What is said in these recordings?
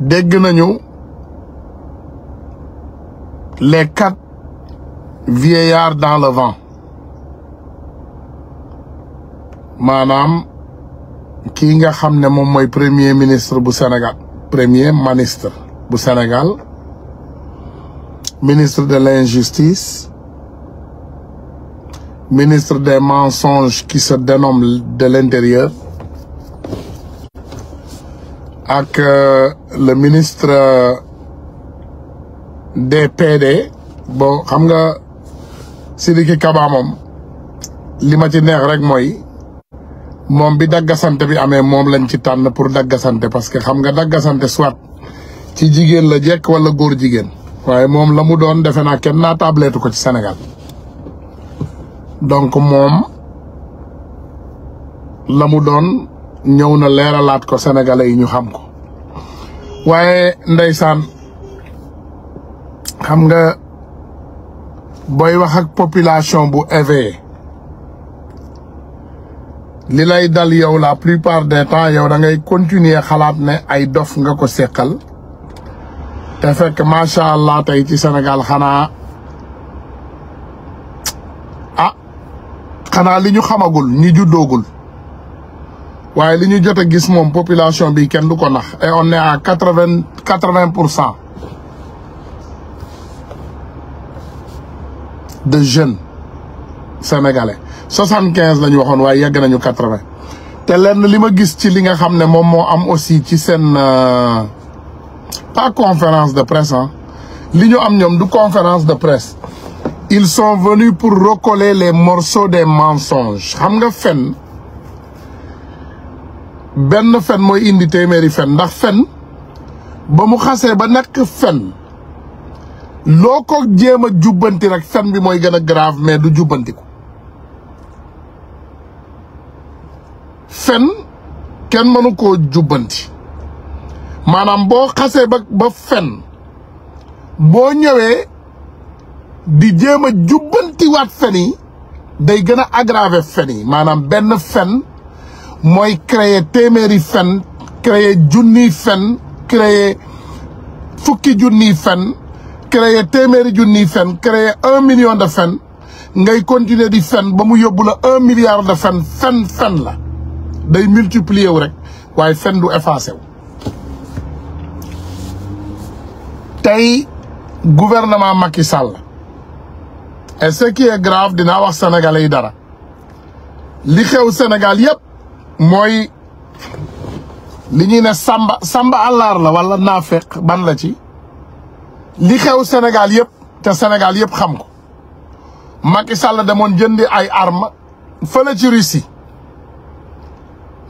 dégg nañu les quatre vieillards dans le vent maanaam kii nga xam ne moom mooy premier ministre bu Sénégal premier ministre bu Sénégal ministre de l'injustice ministre des mensonges qui se dénomme de l'intérieur ak euh, le ministre euh, DPD bo xam nga Sidiki Kaba moom li ma ci neex rek mooy moom bi daggasante bi amee moom lañ ci tànn pour daggasante parce que xam nga daggasante soit ci jigéen la jekk wala góor jigéen waaye moom la mu doon defe naa kenn naa tabletu ko ci Sénégal donc moom la doon ñëw na leeralaat ko sénégalais yi ñu xam ko waaye ndeysaan xam nga booy wax ak population bu éveillé li lay dal yow la plupart des temps yow da ngay continuer xalaat ne ay dof nga ko seqal te fekk macha allah tey ci senegal xanaa ah xanaa li ñu xamagul ñi juddoogul waaye li ñu jot a gis moom population bi kenn du ko nax et on est à quatre vingt quatre vingt pour cent de jeunes sénégalais soixante quinze la ñu waxoon waaye yegg nañu quatre vingt te lenn li ma gis ci li nga xam ne moom moo am aussi ci seen euh, pas conférence de presse ah li ñu am ñoom du conférence de presse ils sont venus pour recoller les morceaux des mensonges xam nga fen benn fen mooy indi téeméeri fen ndax fen ba mu xasee ba nekk fen loo ko jéem a jubbanti rek fen bi mooy gën a grave mais du jubbantiku fen kenn mënu koo jubbanti maanaam boo xasee ba ba fen boo ñëwee di jéem a jubbantiwaat fen yi day gën a aggraver fen yi maanaam benn fen mooy créer téeméeri fen créer junni fen créer fukki junni fen créer téeméeri junniy fen créer million de fen ngay continuer di fen ba mu yóbbu la un milliard de fen fen fen la day multiplier wu rek waaye fen du effacé wu tey gouvernement Macky Sall et ce qui est dinaa wax sénégalais yi dara li xew Sénégal yépp mooy li ñuy ne samba samba àllaar la wala naafeq ban la ci li xew Sénégal yëpp ca Sénégal yëpp xam ko Macky Sall demoon jëndi ay armes fële ci Russie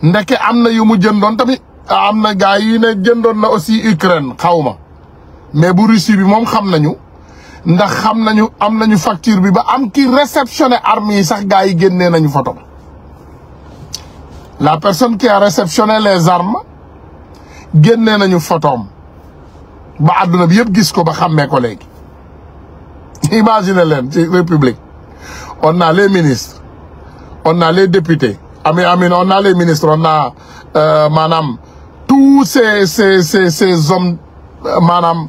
ndeke am na yu mu jëndoon tamit am na gars yi ne jëndoon na aussi Ukraine xaw ma mais bu Russie bi moom xam nañu ndax xam nañu am nañu facture bi ba am ki réceptionné arm yi sax gars yi génnee nañu photo la personne qui a réceptionné les armes génnee nañu photoom ba àdduna bi yëpp gis ko ba xàmmee ko léegi imagine leen ci république on a les ministres on a les députés ami amin on a les ministres on a euh, maanaam tous ces ces ces ces hommes euh, maanaam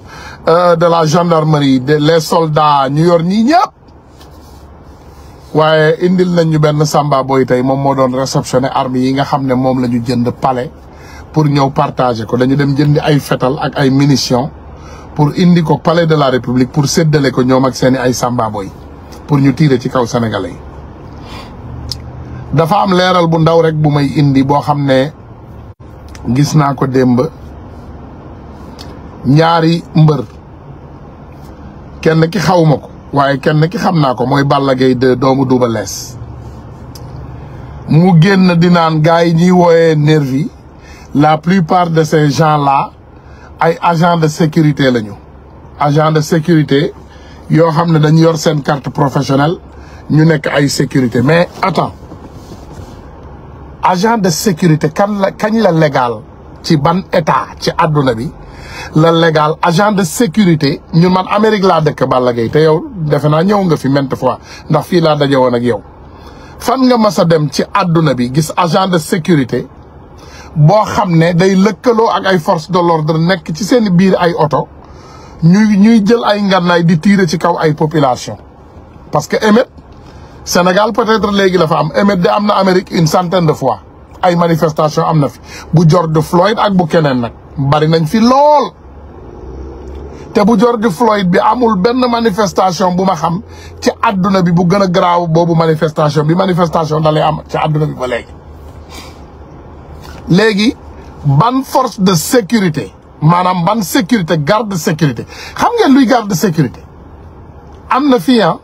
euh, de la gendarmerie de les soldats ñu yor ñi ñëpp waaye indil nañ ñu benn Samba Boy tey moom moo doon ne armes yi nga xam ne moom la ñu jënd pale pour ñëw partager ko dañu dem jëndi ay fetal ak ay munitions pour indi ko palais de la république pour séddale ko ñoom ak seen ay Samba pour ñu tiire ci kaw sénégalais yi. dafa am leeral bu ndaw rek bu may indi boo xam ne gis naa ko démb ñaari mbër kenn ki xawuma ko. waaye kenn ki xam naa ko mooy Balla Gaye de doomu Double Less mu génn di naan gars yi ñuy wooyee nervi la plupart de ces gens-là ay agent de sécurité lañu agent de sécurité yoo xam ne dañu yor seen carte professionnelle ñu nekk ay sécurité mais attends agent de sécurité kan la kañ la légal ci ban état ci àdduna bi la légal agent de sécurité ñu man Amérique laa dëkk Balla Gaye te yow defe naa ñëw nga fi maintes fois ndax fii laa daje woon ak yow fan nga mës a dem ci àdduna bi gis agent de sécurité boo xam ne day lëkkaloo ak ay force de l'ordre nekk ci seen biir ay oto ñuy ñuy jël ay ngànnaay di tiire ci kaw ay population parce que émet Sénégal peut léegi la fa am émet de am na Amérique une centaine de fois ay manifestation am na fi bu George Floyd ak bu keneen nag bari nañ fi lool te bu George Floyd bi amul benn manifestation bu ma xam ci àdduna bi bu gën a garaaw boobu manifestation bi manifestation da am ci àdduna bi ba léegi léegi ban force de sécurité maanaam ban sécurité garde sécurité xam ngeen luy de sécurité am na fii ah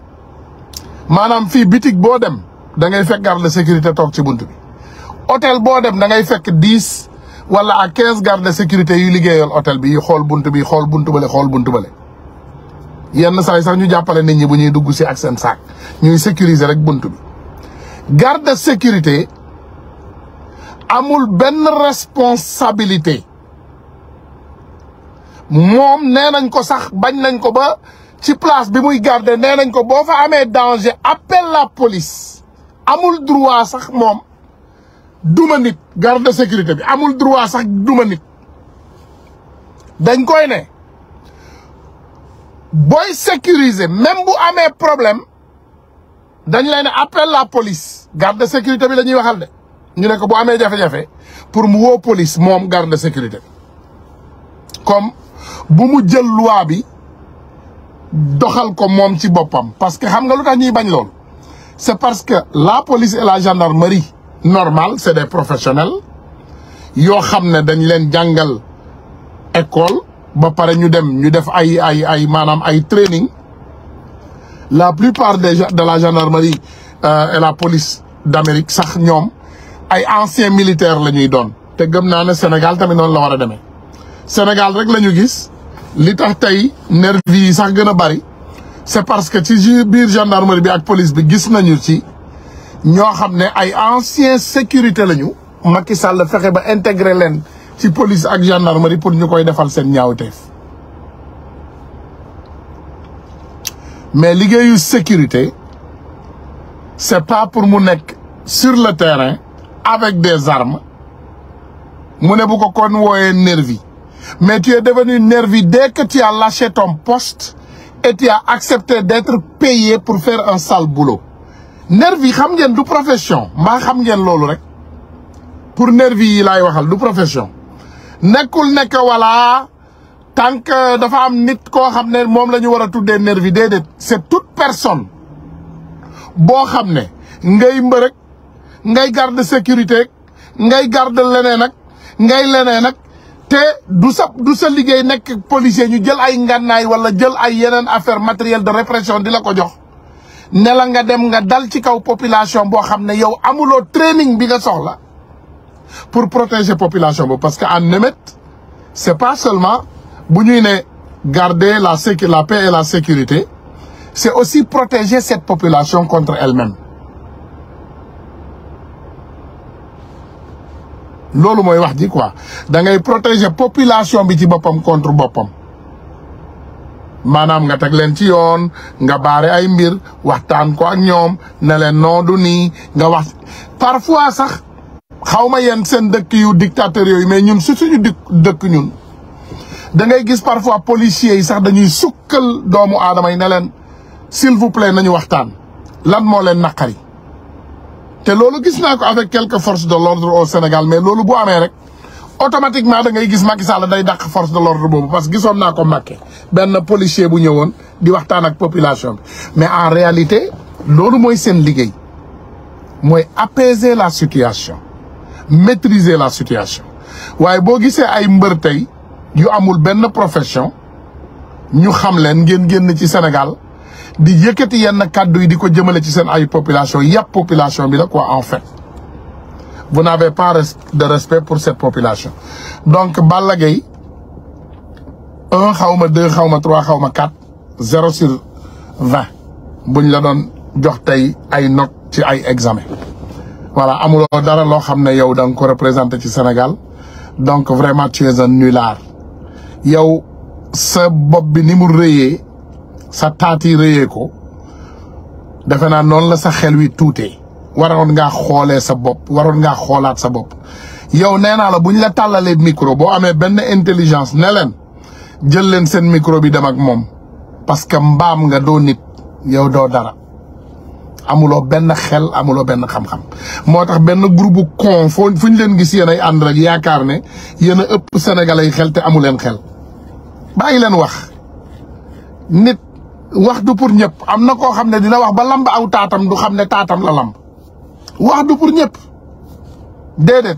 maanaam fii bitig boo dem da ngay fekk garde sécurité toog ci bunt bi hôtel boo dem da ngay fekk dix wala à quinze gardes de sécurité yu liggéeyal hôtel bi yu xool bunt bi xool bunt bale xool bunt bale yenn saa sax ñu jàppale nit ñi bu ñuy dugg si ak seen saak ñuy sécuriser rek bunt bi garde sécurité amul benn responsabilité moom nee nañ ko sax bañ nañ ko ba ci place bi muy garder nee nañ ko boo fa amee danger appel la police amul droit sax moom duma nit garde sécurité bi amul droit sax duma nit dañ koy ne booy sécuriser même bu amee problème dañ lay ne appel la police garde sécurité bi lañuy ñuy waxal de ñu ne ko bu amee jafe-jafe pour mu woo police moom garde sécurité bi comme bu mu jël loi bi doxal ko moom ci boppam parce que xam nga lu tax ñuy bañ lool c'est parce que la police et la gendarmerie normal c'est des professionnels yoo xam ne dañ leen jàngal école ba pare ñu dem ñu def ay ay ay maanaam ay training la plupart des de la gendarmerie euh, et la police d'Amérique sax ñoom ay anciens militaires la ñuy doon te gëm naa ne Sénégal tamit noonu la war a demee Sénégal rek la ñu gis li tax tey nervi yi sax gën a bari c'est parce que ci biir gendarmerie bi ak police bi gis nañu ci ñoo xam ne ay ancien sécurité lañu Macky Sall fexe ba intégré leen ci police ak gendarmerie pour ñu koy defal seen ñaawteef mais liggéeyu sécurité c'est pas pour mu nekk sur le terrain avec des armes mu ne bu ko kon wooyee nervi mais tu es devenu nervi dès que tu as lâché ton poste et tu as accepté d'être payé pour faire un sale boulot nervi yi xam ngeen du profession mbaa xam ngeen loolu rek pour nervi yi laay waxal du profession nekkul nekk wala tant que dafa am nit koo xam ne moom la ñu war a nervi déedéet c'est toute personne boo xam ne ngay mbërëg ngay garde sécurité ngay garde leneen ak ngay leneen ak te du sa du sa liggéey nekk policier ñu jël ay ngànnaay wala jël ay yeneen affaire matériel de répression di la ko jox ne la nga dem nga dal ci kaw population boo xam ne yow amuloo training bi nga soxla pour protéger population boobu parce que en émet c'est pas seulement bu ñuy ne garder la sécu la paix et la sécurité c'est aussi protéger cette population contre elle-même loolu mooy wax ji quoi da ngay protéger population bi ci boppam contre boppam maanaam nga teg leen ci yoon nga baare ay mbir waxtaan ko ak ñoom ne leen noo du nii nga wax parfois sax xawma ma yéen seen dëkk yu dictateur yooyu mais ñun si suñu dëkk ñun da ngay gis parfois policiers yi sax dañuy sukkal doomu aadama yi ne leen s'il vous plaît nañu waxtaan lan moo leen naqari te loolu gis naa ko avec quelque force de l'ordre au Sénégal mais loolu bu amee rek automatiquement da ngay gis Macky Sall day dàq force de l'ordre boobu parce que gisoon naa ko Macky benn policier bu ñëwoon di waxtaan ak population bi mais en réalité loolu mooy seen liggéey mooy apaiser la situation maîtriser la situation waaye boo gisee ay mbër tey yu amul benn profession ñu xam leen ngeen génn ci Sénégal di yëkkati yenn kàddu yi di ko jëmale ci seen ay population yàpp population bi la quoi en fait vous n'avez pas de respect pour cette population donc Balla Gaye un xawma deux xawma trois xawma quatre zéro sur vingt buñ la doon jox tey ay not ci ay examen voilà amuloo dara loo xam ne yow da nga représenté ci Sénégal donc vraiment tu es un nulard yow sa bopp bi ni mu rëyee sa taat yi rëyee ko defe naa noonu la sa xel wi tuutee waroon ngaa xoolee sa bopp waroon ngaa xoolaat sa bopp yow nee naa la bu ñu la tàllalee micro boo amee benn intelligence ne leen jël leen seen micro bi dem ak moom parce que mbaam nga doo nit yow doo dara amuloo benn xel amuloo benn xam-xam moo tax benn groupe con foo fu ñu leen gis yéen ay ànd yaakaar ne yéen ëpp sénégalais xel te amu leen xel bàyyi leen wax nit wax du pour ñëpp am na koo xam ne dina wax ba lamb aw taatam du xam ne taatam la lamb wax du pour ñëpp déedéet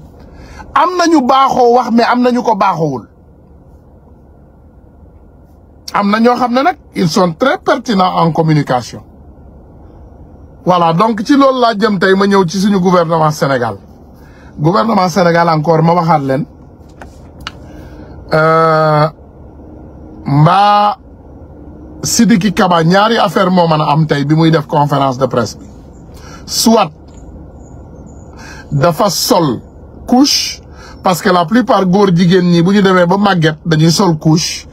am nañu baaxoo wax mais am nañu ko baaxoowul am na ñoo xam ne nag ils sont très pertinents en communication voilà donc ci loolu laa jëm tey ma ñëw ci suñu gouvernement Sénégal gouvernement Sénégal encore ma waxaat leen euh, mbaa diki Kaba ñaari affaire moo mën a am tey bi muy def conférence de presse bi soit dafa sol couche parce que la plupart góor jigéen ñi bu ñu demee ba màgget dañuy sol couche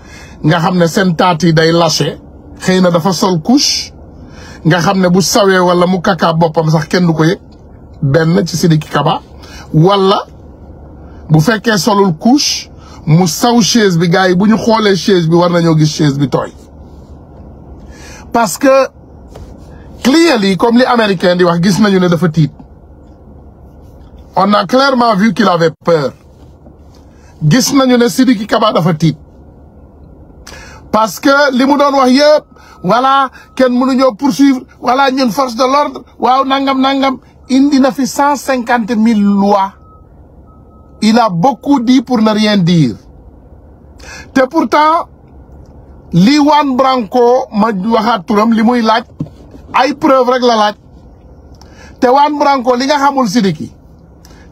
nga xam ne seen taat yi day lâché xëy na dafa sol couche nga xam ne bu sawee wala mu kaka boppam sax kenn du ko yëg benn ci Sidiki Kaba wala bu fekkee solul couche mu saw chaise bi gars yi bu ñu xoolee chaise bi war nañoo gis chaise bi tooy parce que client yi comme li américain di wax gis nañu ne dafa tiit on na clairement vu qu'il avait peur gis nañu ne Sidiki Kaba dafa tiit parce que li mu doon wax yëpp voilà kenn mënuñoo poursuivre voilà ñun force de l'ordre waaw nangam nangam indi na fi cent cinquante mille lois il a beaucoup dit pour ne rien dire te pourtant li Juan Branco ma waxaat li muy laaj ay preuve rek la laaj te Juan Branco li nga xamul Sidiki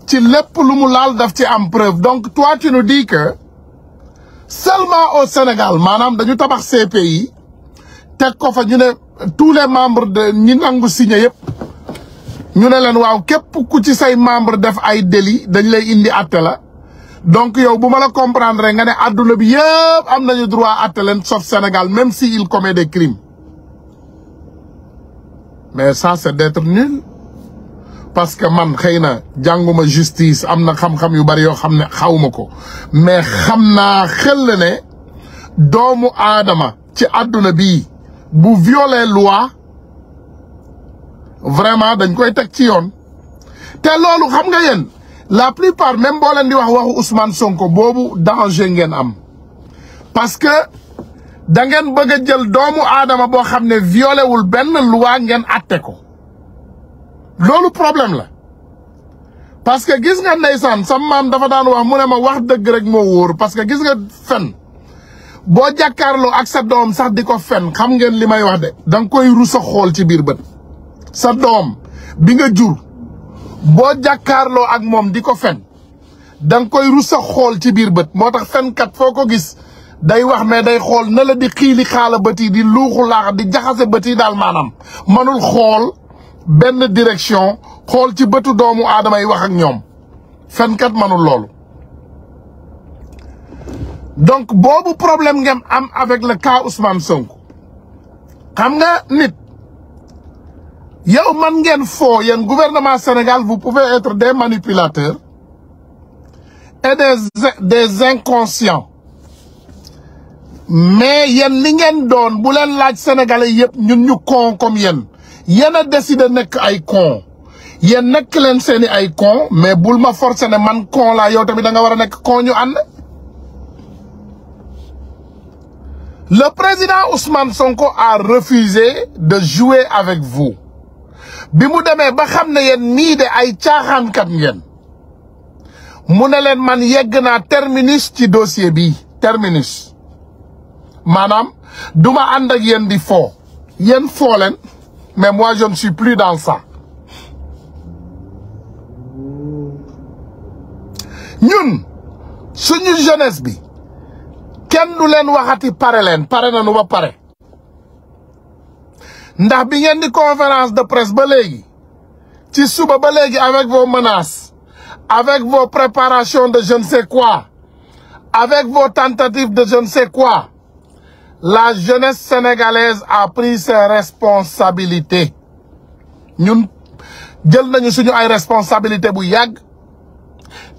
ci lépp lu mu laal def ci am preuve donc toi tu nous dis que seulement au Sénégal maanaam dañu tabax yi teg ko fa ñu ne tous les membres de ñi nangu signé yëpp ñu ne leen waaw képp ku ci say membres def ay délit dañ lay indi atte la donc yow bu ma la comprendre nga ne àdduna bi yëpp am nañu droit atte leen sauf Sénégal même si il commet des crimes mais ça c'est d'être nul parce que man xëy na jànguma justice am na xam-xam yu bari yoo xam ne xawma ko mais xam naa xel ne doomu aadama ci àdduna bii bu violer loi vraiment dañ koy teg ci yoon te loolu xam nga yen la plupart même boo leen di wax waxu Ousmane Sonko boobu danger ngeen am parce que da ngeen bëgg a jël doomu aadama boo xam ne violé wul benn loi ngeen atte ko loolu problème la parce que gis nga ndeysaan sa maam dafa daan wax mu ne ma wax dëgg rek moo wóor parce que gis nga fen boo jàkkaarloo ak sa doom sax di ko fen xam ngeen li may wax de da nga koy rusa xool ci biir bët sa doom bi nga jur boo jàkkaarloo ak moom di ko fen da nga koy rusa xool ci biir bët moo tax fenkat foo ko gis day wax mais day xool na la di xiili xaala bët yi di luuxu laax di jaxase bët yi daal maanaam manul xool benn direction xool ci bëtu doomu aadama yi wax ak ñoom fenkat manu loolu donc boobu problème ngeen am avec le cas Ousmane Sonko xam nga nit yow man ngeen foo yéen gouvernement Sénégal vous pouvez être des manipulateurs et des des inconscients mais yéen li ngeen doon bu leen laaj sénégalais yëpp ñun ñu con comme yéen yéen a décidé nekk ay con yéen nekk leen seeni ay con mais bul ma forcer ne man con laa yow tamit da nga war a nekk con ñu ànd. Le président Ousmane Sonko a refusé de jouer avec vous bi mu demee ba xam ne yéen nii de ay caaxaankat ngeen mu ne leen man yegg naa terminus ci dossier bi terminus maanaam duma ànd ak yéen di foo yéen foo leen. Mais moi, je ne suis plus dans ça. ñun suñu jeunesse bi kenn du leen waxati pare leen pare nañu ba pare ndax bi ngeen di conférence de presse ba léegi ci suba ba léegi avec vos menaces avec vos préparations de je ne sais quoi avec vos tentatives de je ne sais quoi la jeunesse sénégalaise a pris ses responsabilités ñun jël nañu suñu ay responsabilités bu yàgg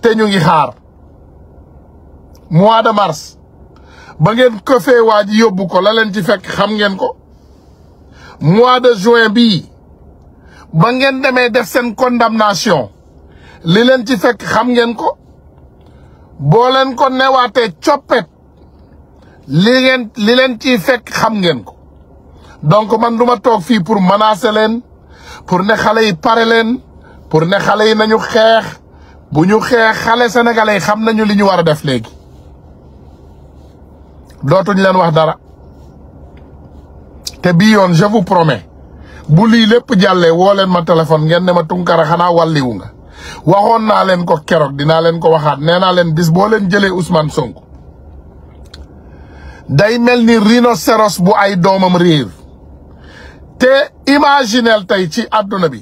te ñu ngi xaar mois de mars ba ngeen këfee waa ji yóbbu ko la leen ci fekk xam ngeen ko mois de juin bii ba ngeen demee def seen condamnation li leen ci fekk xam ngeen ko boo leen ko newaatee coppet li ngeen li leen ciy fekk xam ngeen ko donc man duma toog fii pour menacer leen pour ne xale yi pare leen pour ne xale yi nañu xeex bu ñu xeex xale sénégalais yi xam nañu li ñu war a def léegi dootuñ leen wax dara te bii yoon je vous bu lii lépp jàllee woo leen ma téléphone ngeen ne ma tunkara xanaa wàlliwu nga waxoon naa leen ko keroog dinaa leen ko waxaat nee naa leen bis boo leen jëlee Ousmane Sonko day mel ni rhinocéros bu ay doomam réer te imaginel tey ci àdduna bi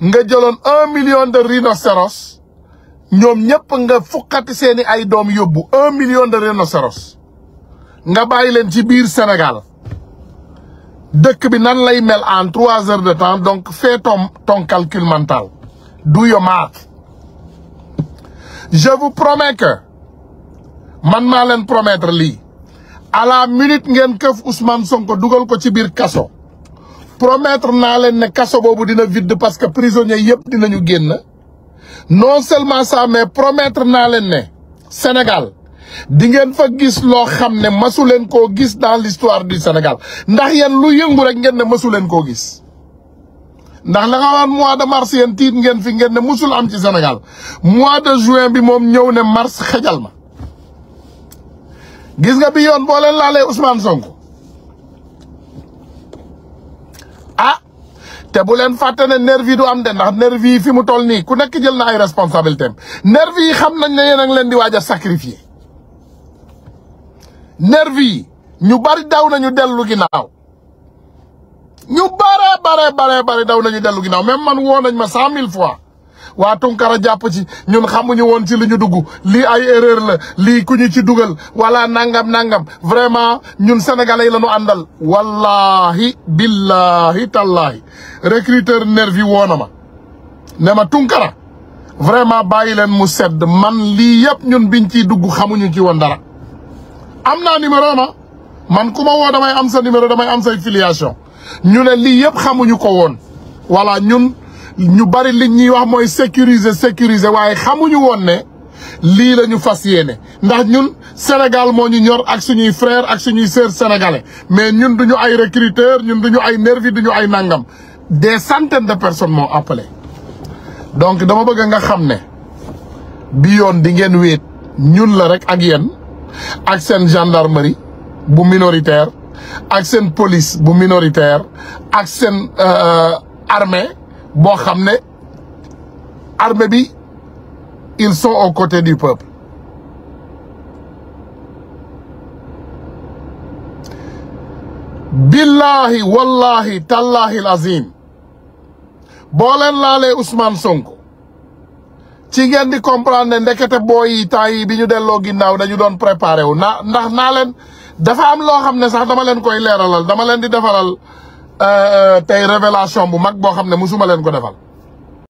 nga jëloon un million de rhinocéros ñoom ñëpp nga fukkati seeni ay doom yóbbu un million de rhinocéros nga bàyyi leen ci biir Sénégal dëkk bi nan lay mel en trois heures de temps donc fais ton ton calcul mental do your math je man maa leen promettre lii à la minute ngeen këf Ousmane Sonko dugal ko ci biir kaso promettre naa leen ne kaso boobu dina vide parce que prisonniers yëpp dinañu génn non seulement ça mais promettre naa leen ne Sénégal di ngeen fa gis loo xam ne masu leen koo gis dans l'histoire du Sénégal ndax yéen lu yëngu rek ngeen ne masu leen koo gis ndax la am waan mois de mars yéen tiit ngeen fi ngeen ne musul am ci Sénégal mois de juin bi moom ñëw ne mars xejal ma gis nga bi yoon boo leen laalee Ousmane Sonko ah te bu leen fàtte ne nervi du am den ndax nervi yi fi mu toll nii ku nekk jël na ay responsabilité am nervi yi xam nañ ne yéen leen di waaj a sacrifier nervi yi ñu bari daw na nañu dellu ginnaaw ñu bare bare bare bari daw nañu dellu ginnaaw même man woo nañ ma cent mille fois waa Tunkara jàpp ci ñun xamuñu woon ci li ñu dugg lii ay erreur la lii ku ñu ci dugal wala nangam nangam vraiment ñun sénégalais la ñu àndal. wallahi billahi tallahi recruteur nervi woo na ma ne ma Tunkara vraiment bàyyi leen mu sedd man lii yëpp ñun biñ ciy dugg xamuñu ci woon dara am naa numéro ma man ku ma woo damay am sa numéro damay am say filiation ñu ne lii yëpp xamuñu ko woon voilà ñun. ñu bari li ñuy wax mooy sécuriser sécuriser waaye xamuñu woon ne lii la fas yéene ndax ñun Sénégal moo ñu ñor ak suñuy frères ak suñuy sœurs sénégalais mais ñun duñu ay recruteurs ñun duñu ay nervi ñu ay nangam des centaines de personnes m'ont appelé donc dama bëgg nga xam ne bi yoon di ngeen wéet ñun la rek ak yéen ak seen gendarmerie bu minoritaire ak seen police bu minoritaire ak seen euh, euh, armée boo xam ne armée bi ils sont aux côtés du peuple billahi wallahi tallahi lazim boo leen laalee Ousmane Sonko ci ngeen di comprendre ne ndekete boo yi temps yi bi ñu delloo ginnaaw dañu doon préparé wu na ndax naa leen dafa am loo xam ne sax dama leen koy leeralal dama leen di defaral Euh, tey révélation bu mag boo xam ne musuma leen ko defal